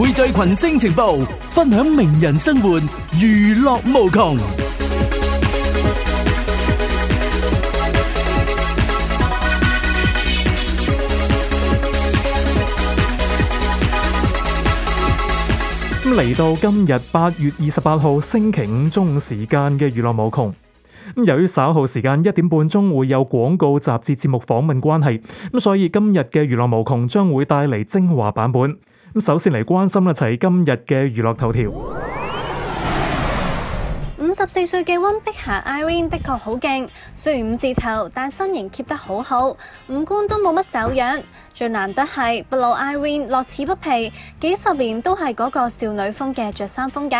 匯聚群星情報，分享名人生活，娛樂無窮。咁嚟到今日八月二十八號星期五中午時間嘅娛樂無窮。咁由於稍後時間一點半鐘會有廣告、雜誌、節目訪問關係，咁所以今日嘅娛樂無窮將會帶嚟精華版本。首先嚟關心一齊今日嘅娛樂頭條。十四歲嘅溫碧霞 Irene 的確好勁，雖然五字頭，但身形 keep 得好好，五官都冇乜走樣。最難得係，不老 Irene 樂此不疲，幾十年都係嗰個少女風嘅着衫風格，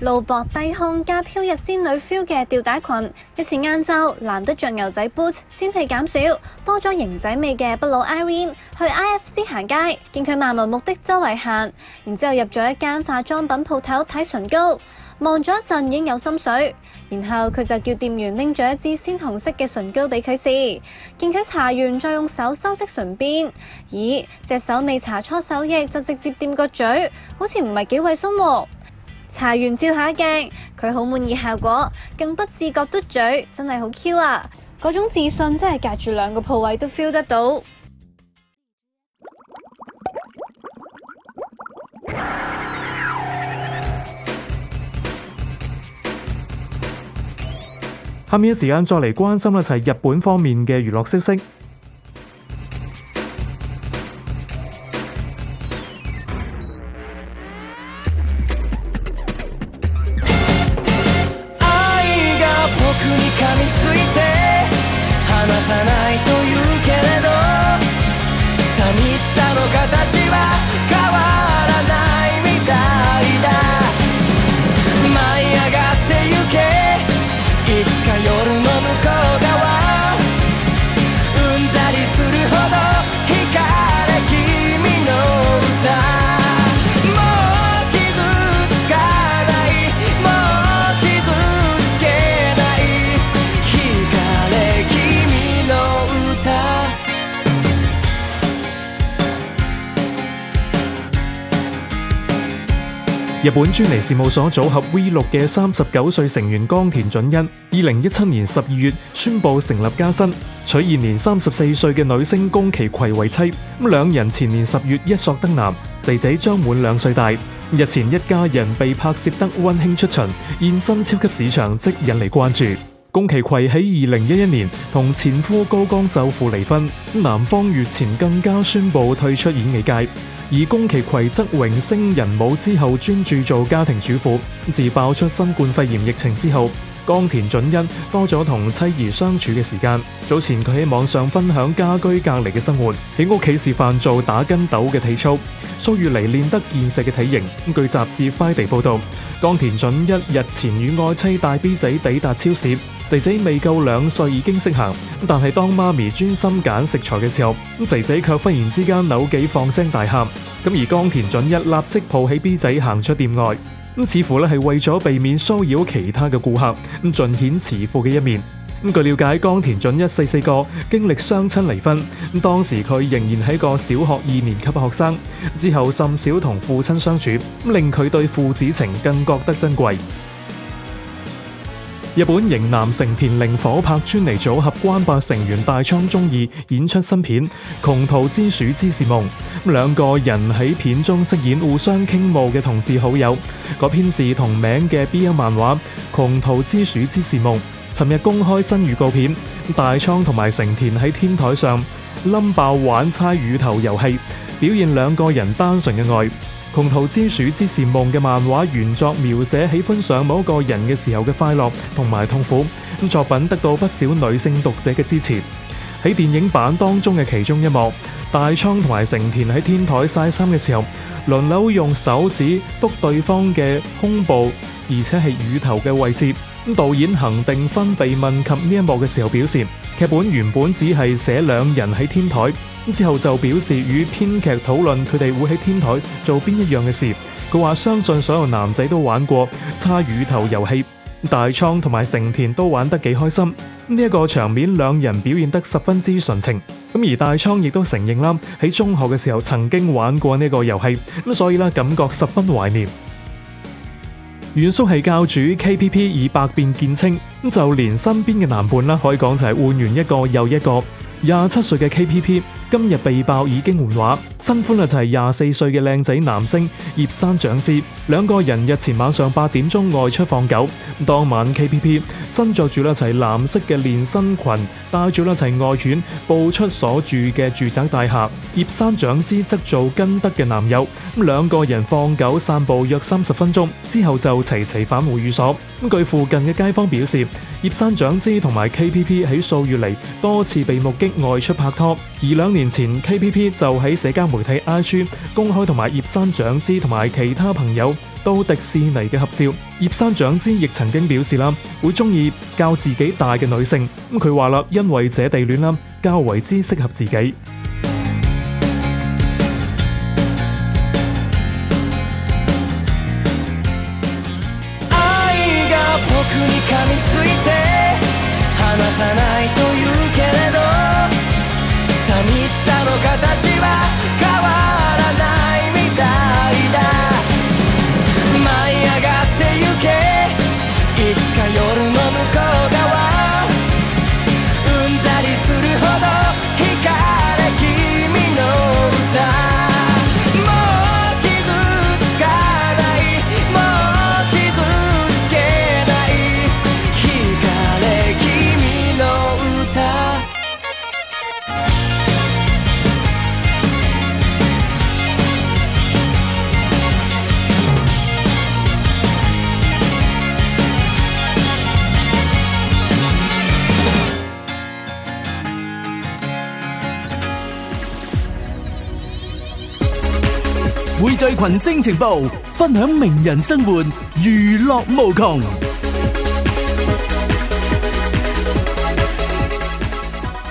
露膊低胸加飄逸仙女 feel 嘅吊帶裙。一次晏晝，難得着牛仔 boots，仙氣減少，多咗型仔味嘅不老 Irene 去 IFC 行街，見佢漫無目的周圍行，然之後入咗一間化妝品鋪頭睇唇膏。望咗一陣已經有心水，然後佢就叫店員拎咗一支鮮紅色嘅唇膏俾佢試，見佢搽完再用手修飾唇邊，咦，隻手未搽搓手液就直接掂個嘴，好似唔係幾衛生喎、哦。搽完照下鏡，佢好滿意效果，更不自覺嘟嘴，真係好 Q 啊！嗰種自信真係隔住兩個鋪位都 feel 得到。 下面一時間再嚟關心一齊日本方面嘅娛樂消息。日本傑尼斯事務所組合 V 六嘅三十九歲成員岡田准一，二零一七年十二月宣布成立家室，娶現年三十四歲嘅女星宮崎葵為妻。咁兩人前年十月一索得男，仔仔將滿兩歲大。日前一家人被拍攝得溫馨出巡，現身超級市場，即引嚟關注。宮崎葵喺二零一一年同前夫高岡奏輔離婚，男方月前更加宣布退出演藝界。而宮崎葵則榮升人母之後，專注做家庭主婦，自爆出新冠肺炎疫情之後，岡田准一多咗同妻兒相處嘅時間。早前佢喺網上分享家居隔離嘅生活，喺屋企示範做打筋斗嘅體操，數月嚟練得健碩嘅體型。咁據雜誌《快地》報道，岡田准一日前與愛妻帶 B 仔抵達超市，仔仔未夠兩歲已經識行，但係當媽咪專心揀食,食材嘅時候，仔仔却忽然之間扭計放聲大喊，咁而岡田准一立即抱起 B 仔行出店外。咁似乎咧係為咗避免騷擾其他嘅顧客，咁盡顯慈父嘅一面。咁據了解，江田俊一細細個經歷雙親離婚，咁當時佢仍然係個小學二年級學生，之後甚少同父親相處，咁令佢對父子情更覺得珍貴。日本型男成田凌夥拍專尼組合關八成員大倉忠義演出新片《窮途之鼠之芝士夢》，咁兩個人喺片中飾演互相傾慕嘅同志好友。改編自同名嘅 BL 漫畫《窮途之鼠之芝士夢》尋日公開新預告片，大倉同埋成田喺天台上冧爆玩猜魚頭遊戲，表現兩個人單純嘅愛。《窮途之鼠芝士夢》嘅漫畫原作描寫喜歡上某一個人嘅時候嘅快樂同埋痛苦，咁作品得到不少女性讀者嘅支持。喺電影版當中嘅其中一幕，大倉同埋成田喺天台曬衫嘅時候，輪流用手指篤對方嘅胸部，而且係乳頭嘅位置。咁導演行定勳被問及呢一幕嘅時候，表示劇本原本只係寫兩人喺天台。之後就表示與編劇討論佢哋會喺天台做邊一樣嘅事。佢話相信所有男仔都玩過叉魚頭遊戲，大倉同埋成田都玩得幾開心。呢一個場面，兩人表現得十分之純情。咁而大倉亦都承認啦，喺中學嘅時候曾經玩過呢個遊戲，咁所以啦，感覺十分懷念。原宿系教主 KPP 以百變見稱，咁就連身邊嘅男伴啦，可以講就係換完一個又一個廿七歲嘅 KPP。今日被爆已經換畫，新歡一齊廿四歲嘅靚仔男星葉山獎之。兩個人日前晚上八點鐘外出放狗，當晚 KPP 新著住一齊藍色嘅連身裙，帶住一齊愛犬步出所住嘅住宅大廈，葉山獎之則做跟得嘅男友，咁兩個人放狗散步約三十分鐘之後就齊齊返回寓所。咁據附近嘅街坊表示，葉山獎之同埋 KPP 喺數月嚟多次被目擊外出拍拖，而兩年前 KPP 就喺社交媒體 IG 公開同埋葉山獎之同埋其他朋友到迪士尼嘅合照，葉山獎之亦曾經表示啦，會中意較自己大嘅女性，咁佢話啦，因為姐弟戀啦較為之適合自己。匯聚群星情報，分享名人生活，娛樂無窮。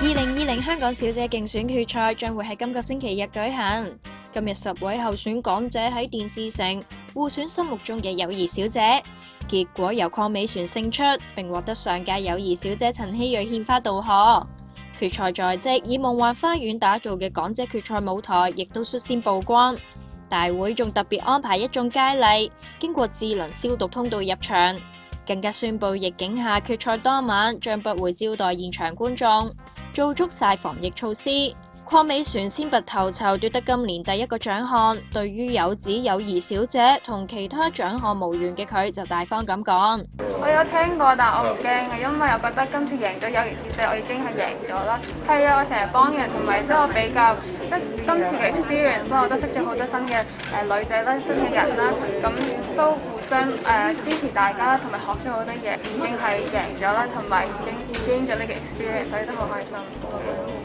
二零二零香港小姐競選決賽將會喺今個星期日舉行。今日十位候選港姐喺電視城互選心目中嘅友誼小姐，結果由鄺美璇勝出，並獲得上屆友誼小姐陳希瑞獻花道賀。決賽在即，以夢幻花園打造嘅港姐決賽舞台亦都率先曝光。大會仲特別安排一眾佳麗經過智能消毒通道入場，更加宣布逆境下決賽當晚將不會招待現場觀眾，做足晒防疫措施。鄺美璇先拔頭籌奪得今年第一個獎項，對於有子友誼小姐同其他獎項無緣嘅佢就大方咁講：我有聽過，但我唔驚嘅，因為我覺得今次贏咗友誼小姐，我已經係贏咗啦。係啊，我成日幫人，同埋即係我比較即係今次嘅 experience 啦，我都識咗好多新嘅誒女仔啦，新嘅人啦，咁都互相誒支持大家，同埋學咗好多嘢，已經係贏咗啦，同埋已經經咗呢個 experience，所以都好開心。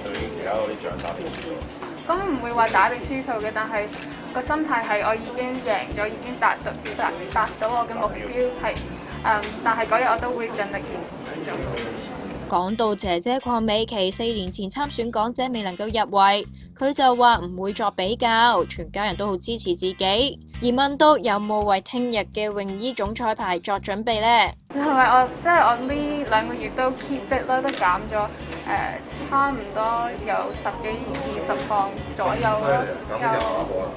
咁唔會話打定輸數嘅，但係個心態係我已經贏咗，已經達到達達到我嘅目標，係誒、嗯。但係嗰日我都會盡力嘅。講到姐姐鄺美琦四年前參選港姐未能夠入圍，佢就話唔會作比較，全家人都好支持自己。而問到有冇為聽日嘅泳衣總彩排作準備呢？係咪我即係、就是、我呢兩個月都 keep fit 啦，都減咗。誒差唔多有十幾二十磅左右咯、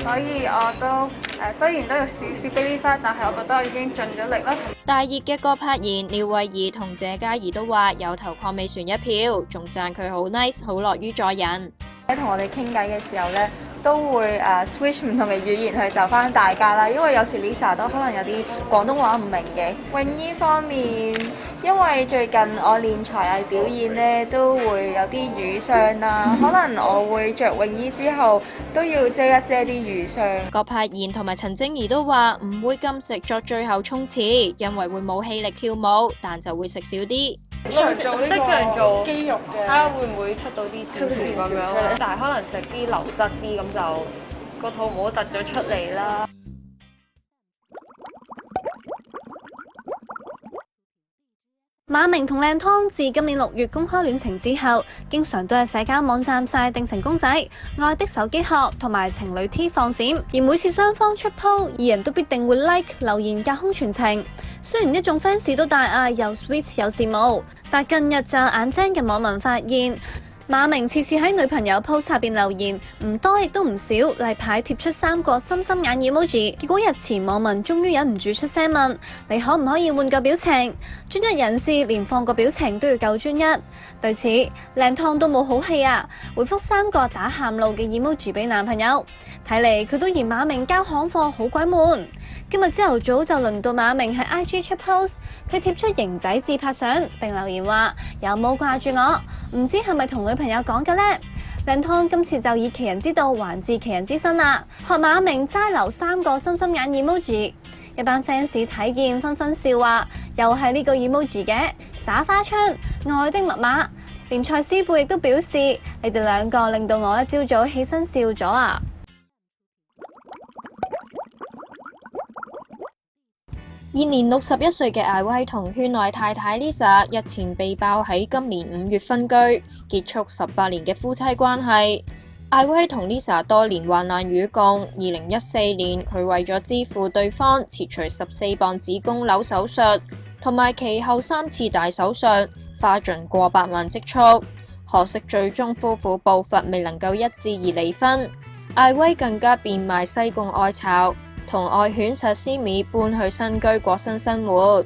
嗯，所以我都誒雖然都有少少 baby fat，但係我覺得我已經盡咗力啦。大熱嘅郭柏妍、廖慧儀同謝嘉怡都話有投抗美船一票，仲讚佢好 nice，好樂於助人。喺同我哋傾偈嘅時候呢，都會誒、uh, switch 唔同嘅語言去就返大家啦，因為有時 Lisa 都可能有啲廣東話唔明嘅。泳衣方面，因為最近我練才藝表演呢，都會有啲瘀傷啦，可能我會着泳衣之後都要遮一遮啲瘀傷。郭柏妍同埋陳靜怡都話唔會禁食作最後衝刺，因為會冇氣力跳舞，但就會食少啲。即場做肌肉嘅，睇下、啊、會唔會出到啲線咁樣，但係可能食啲流質啲咁 就個肚冇凸咗出嚟啦。 馬明同靚湯自今年六月公開戀情之後，經常都喺社交網站晒定情公仔、愛的手機殼同埋情侶 T 放閃。而每次雙方出鋪，二人都必定會 like 留言隔空傳情。雖然一眾 fans 都大嗌又 sweet 又羨慕，但近日就眼睛嘅網民發現。馬明次次喺女朋友 post 下邊留言，唔多亦都唔少，例牌貼出三個心心眼 emoji。結果日前網民終於忍唔住出聲問：你可唔可以換個表情？專一人士連放個表情都要夠專一。對此，靚湯都冇好氣啊，回覆三個打喊路嘅 emoji 俾男朋友。睇嚟佢都嫌馬明交行貨好鬼悶。今日朝頭早就輪到馬明喺 IG 出 post，佢貼出型仔自拍相，並留言話，有冇掛住我？唔知係咪同女朋友講嘅呢？靚湯今次就以其人之道還治其人之身啦，學馬明齋留三個心心眼 emoji，一班 fans 睇見紛紛笑話，又係呢個 emoji 嘅耍花槍愛的密碼，連蔡思貝亦都表示：你哋兩個令到我一朝早起身笑咗啊！現年六十一歲嘅艾威同圈內太太 Lisa 日前被爆喺今年五月分居，結束十八年嘅夫妻關係。艾威同 Lisa 多年患難與共，二零一四年佢為咗支付對方切除十四磅子宮瘤手術，同埋其後三次大手術，花盡過百萬積蓄。可惜最終夫婦步伐未能夠一致而離婚，艾威更加變賣西貢愛巢。同愛犬薩斯米搬去新居過新生，生活。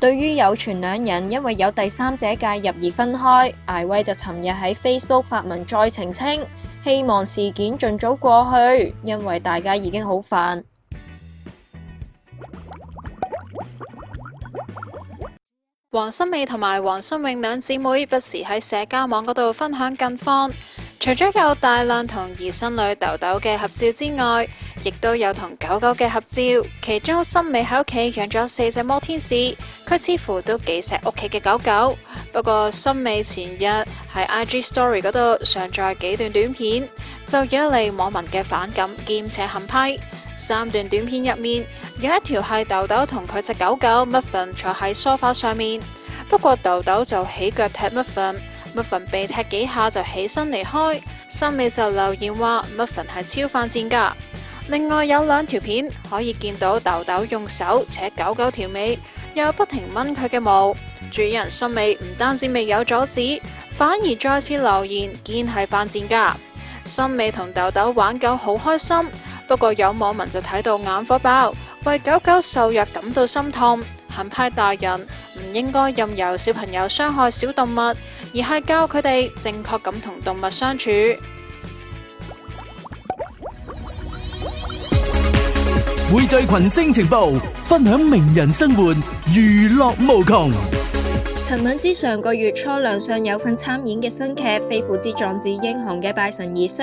對於有傳兩人因為有第三者介入而分開，艾威就尋日喺 Facebook 發文再澄清，希望事件盡早過去，因為大家已經好煩。黃心美同埋黃心穎兩姊妹不時喺社交網嗰度分享近況，除咗有大量同兒孫女豆豆嘅合照之外，亦都有同狗狗嘅合照，其中森美喺屋企養咗四隻摩天使，佢似乎都幾錫屋企嘅狗狗。不過森美前日喺 I G Story 嗰度上載幾段短片，就惹嚟網民嘅反感兼且狠批。三段短片入面有一條係豆豆同佢隻狗狗 Muffin 坐喺梳化上面，不過豆豆就起腳踢 Muffin，Muffin 被踢幾下就起身離開，森美就留言話 Muffin 係超犯賤噶。另外有兩條片可以見到豆豆用手扯狗狗條尾，又不停掹佢嘅毛。主人森美唔單止未有阻止，反而再次留言堅係犯賤噶。森美同豆豆玩狗好開心，不過有網民就睇到眼火爆，為狗狗受虐感到心痛，狠批大人唔應該任由小朋友傷害小動物，而係教佢哋正確咁同動物相處。匯聚群星情報，分享名人生活，娛樂無窮。陳敏之上個月初亮相有份參演嘅新劇《飛虎之壯志英雄》嘅拜神儀式。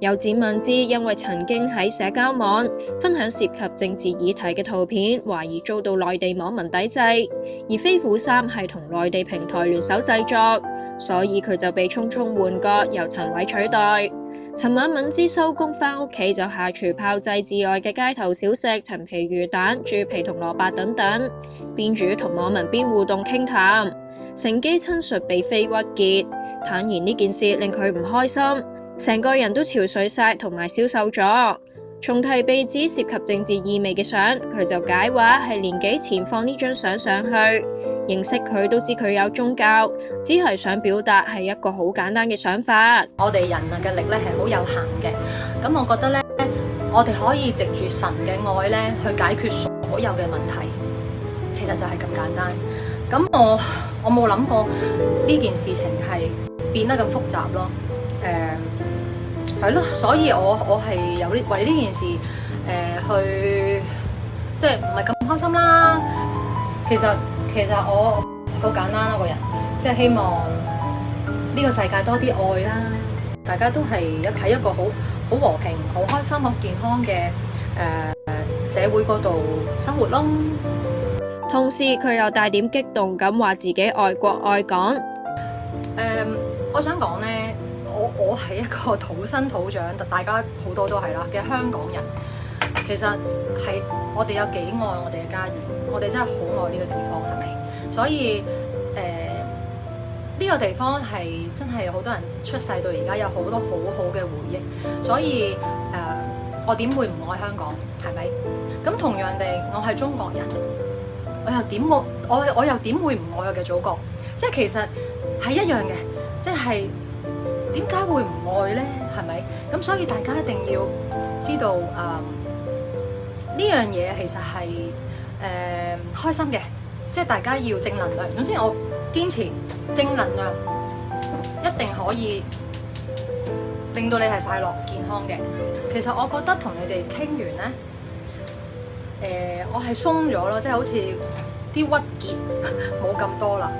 有指敏之因為曾經喺社交網分享涉及政治議題嘅圖片，懷疑遭到內地網民抵制。而《飛虎三》係同內地平台聯手製作，所以佢就被匆匆換角，由陳偉取代。尋晚敏芝收工翻屋企就下廚炮製至愛嘅街頭小食陳皮魚蛋豬皮同蘿蔔等等，邊煮同網民邊互動傾談，乘機親述被非屈結，坦言呢件事令佢唔開心，成個人都憔悴晒同埋消瘦咗。重提被指涉及政治意味嘅相，佢就解話係年幾前放呢張相上去。認識佢都知佢有宗教，只係想表達係一個好簡單嘅想法。我哋人類嘅力咧係好有限嘅，咁我覺得咧，我哋可以藉住神嘅愛咧去解決所有嘅問題，其實就係咁簡單。咁我我冇諗過呢件事情係變得咁複雜咯。誒、呃，係咯，所以我我係有呢為呢件事誒、呃、去，即係唔係咁開心啦。其實。其實我好簡單咯，個人即係希望呢個世界多啲愛啦，大家都係一喺一個好好和平、好開心、好健康嘅誒、呃、社會嗰度生活咯。同時佢又帶點激動咁話自己愛國愛港。誒、呃，我想講呢，我我係一個土生土長，大家好多都係啦嘅香港人。其實係我哋有幾愛我哋嘅家園，我哋真係好愛呢個地方，係咪？所以誒，呢個地方係真係好多人出世到而家有好多好好嘅回憶，所以誒、呃，我點會唔愛香港？係咪？咁同樣地，我係中國人，我又點我我我又點會唔愛我嘅祖國？即係其實係一樣嘅，即係點解會唔愛呢？係咪？咁所以大家一定要知道誒、呃呢樣嘢其實係誒、呃、開心嘅，即係大家要正能量。總之我堅持正能量，一定可以令到你係快樂健康嘅。其實我覺得同你哋傾完呢，誒、呃、我係鬆咗咯，即係好似啲鬱結冇咁 多啦。